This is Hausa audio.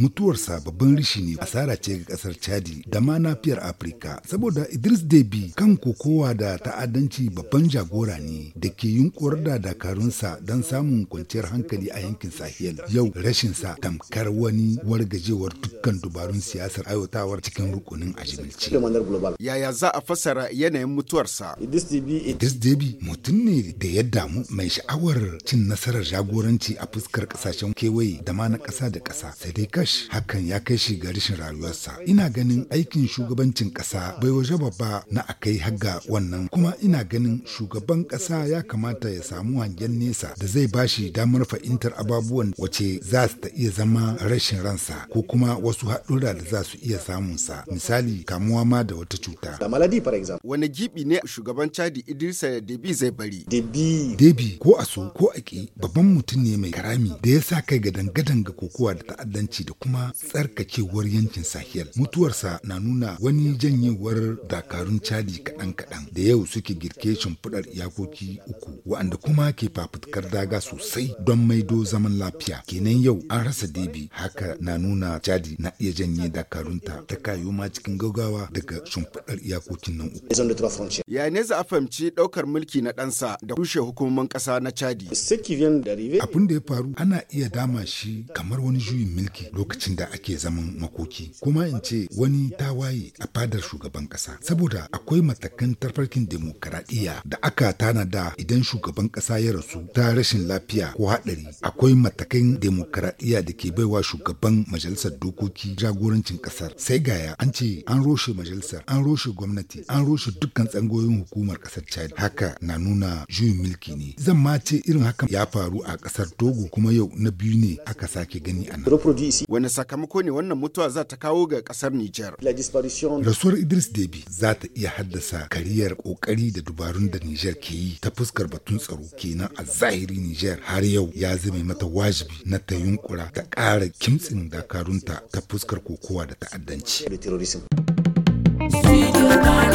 Mutuwarsa babban rishi ne asara ce ga kasar Chadi da ma nafiyar Afirka saboda Idris debi kan kokowa da ta'addanci babban jagora ne da ke yunkurar da dakarunsa don samun kwanciyar hankali a yankin Sahel. Yau rashin sa tamkar wani wargajewar dukkan dubarun siyasar aiwatawar cikin rukunin ajimilci. Yaya za a fassara yanayin mutuwarsa? Idris debi mutum ne da ya damu mai sha'awar cin nasarar jagoranci a fuskar kasashen kewaye da ma na kasa da ƙasa sai dai kash hakan ya kai shi ga rashin rayuwarsa ina ganin aikin shugabancin ƙasa bai waje babba na akai haga wannan kuma ina ganin shugaban ƙasa ya kamata ya samu hangen nesa da zai ba shi damar fahimtar ababuwan wace za su ta iya zama rashin ransa ko kuma wasu haɗura da za su iya samunsa misali kamuwa ma da wata cuta wani gibi ne shugaban chadi idrisa debi zai bari debi ko a su ko a babban mutum ne mai karami da ya sa kai ga dangadanga kokowa da ta'addanci da kuma tsarkakewar yankin Sahel. Mutuwarsa na nuna wani janyewar dakarun cadi kaɗan-kaɗan da yau suke girke shimfiɗar iyakoki uku waɗanda kuma ke fafutukar daga sosai don maido zaman lafiya. Kenan yau an rasa debi haka na nuna cadi na iya janye dakarunta ta kayo ma cikin gaggawa daga shimfiɗar iyakokin nan uku. Ya ne za a fahimci ɗaukar mulki na ɗansa da rushe hukumomin ƙasa na cadi Abin da ya faru ana iya dama shi kamar wani juyin mulki lokacin da ake zaman makoki kuma in ce wani ta waye a fadar shugaban kasa saboda akwai matakan tafarkin demokaradiyya da aka tana da idan shugaban kasa ya rasu ta rashin lafiya ko haɗari akwai matakan demokaradiyya da ke baiwa shugaban majalisar dokoki jagorancin kasar sai gaya an ce an roshe majalisar an roshe gwamnati an roshe dukkan tsangoyin hukumar kasar chad haka na nuna juyin mulki ne zan ma ce irin haka ya faru a kasar togo kuma yau na biyu ne aka sake gani a Wani sakamako ne wannan mutuwa za ta kawo ga kasar Nijar? Rasuwar Idris Debi za ta iya haddasa kariyar kokari da dubarun da Nijar ke yi ta fuskar batun tsaro kenan a zahiri Nijar har yau ya zame mata wajibi na ta yunkura ta ƙara kimtsin dakarunta ta fuskar kokowa da ta'addanci. Studio